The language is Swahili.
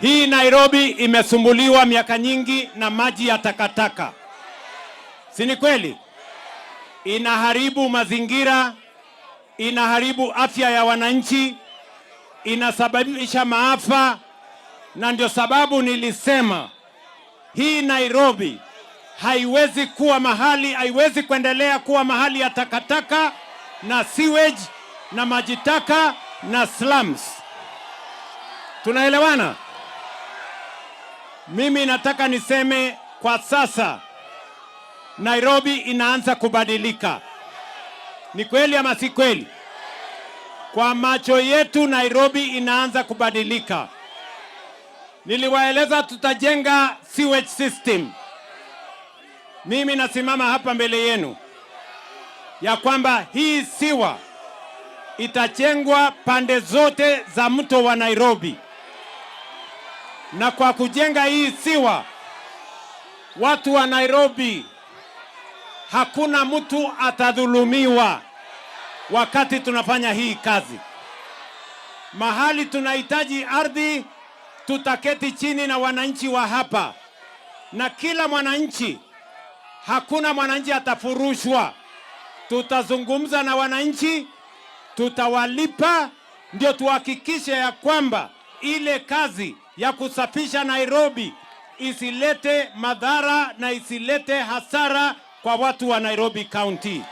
Hii Nairobi imesumbuliwa miaka nyingi na maji ya takataka, si ni kweli? Inaharibu mazingira, inaharibu afya ya wananchi, inasababisha maafa, na ndio sababu nilisema hii Nairobi haiwezi kuwa mahali, haiwezi kuendelea kuwa mahali ya takataka na sewage na maji taka na slums. Tunaelewana? Mimi nataka niseme kwa sasa Nairobi inaanza kubadilika. Ni kweli ama si kweli? Kwa macho yetu Nairobi inaanza kubadilika. Niliwaeleza tutajenga sewage system. Mimi nasimama hapa mbele yenu ya kwamba hii siwa itajengwa pande zote za mto wa Nairobi na kwa kujenga hii siwa, watu wa Nairobi, hakuna mtu atadhulumiwa wakati tunafanya hii kazi. Mahali tunahitaji ardhi, tutaketi chini na wananchi wa hapa na kila mwananchi, hakuna mwananchi atafurushwa. Tutazungumza na wananchi, tutawalipa ndio tuhakikishe ya kwamba ile kazi ya kusafisha Nairobi isilete madhara na isilete hasara kwa watu wa Nairobi County.